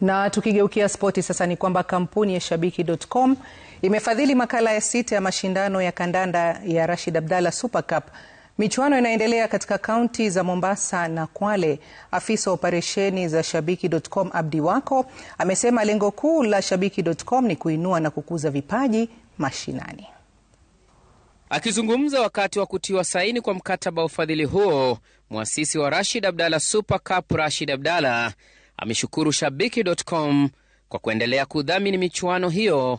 Na tukigeukia spoti sasa, ni kwamba kampuni ya Shabiki.com imefadhili makala ya sita ya mashindano ya kandanda ya Rashid Abdalla Super Cup. Michuano inaendelea katika kaunti za Mombasa na Kwale. Afisa wa operesheni za Shabiki.com Abdi Wako amesema lengo kuu la Shabiki.com ni kuinua na kukuza vipaji mashinani. Akizungumza wakati wa kutiwa saini kwa mkataba wa ufadhili huo, mwasisi wa Rashid Abdalla Super Cup Rashid Abdalla ameshukuru shabiki.com kwa kuendelea kudhamini michuano hiyo,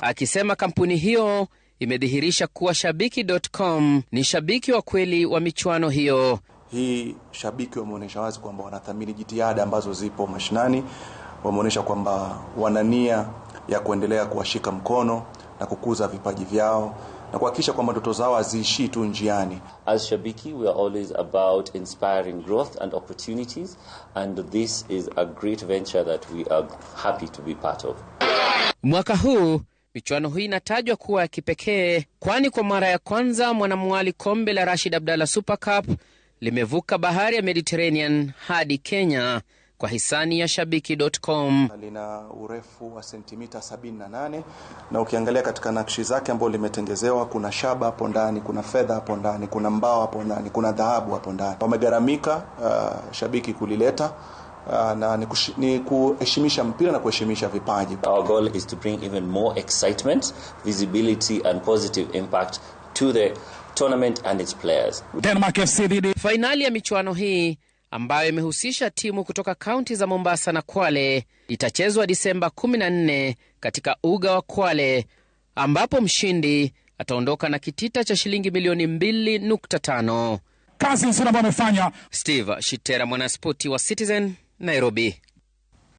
akisema kampuni hiyo imedhihirisha kuwa shabiki.com ni shabiki wa kweli wa michuano hiyo. Hii shabiki wameonyesha wazi kwamba wanathamini jitihada ambazo zipo mashinani, wameonyesha kwamba wana nia ya kuendelea kuwashika mkono na kukuza vipaji vyao na kuhakikisha kwamba ndoto zao haziishii tu njiani. As Shabiki we are always about inspiring growth and opportunities and this is a great venture that we are happy to be part of. Mwaka huu michuano hii inatajwa kuwa ya kipekee, kwani kwa mara ya kwanza mwanamwali kombe la Rashid Abdalla Super Cup limevuka bahari ya Mediterranean hadi Kenya kwa hisani ya Shabiki.com. Lina urefu wa sentimita 78 na ukiangalia katika nakshi zake ambayo limetengezewa, kuna shaba hapo ndani, kuna fedha hapo ndani, kuna mbao hapo ndani, kuna dhahabu hapo ndani. Pamegharamika uh, Shabiki kulileta Uh, na ni kuheshimisha mpira na kuheshimisha vipaji. Our goal is to bring even more excitement, visibility and positive impact to the tournament and its players. Denmark FC dhidi. Fainali ya michuano hii ambayo imehusisha timu kutoka kaunti za Mombasa na Kwale itachezwa Disemba 14 katika uga wa Kwale ambapo mshindi ataondoka na kitita cha shilingi milioni 2.5. Kazi nzuri ambayo amefanya Steve Shitera, mwanaspoti wa Citizen, Nairobi.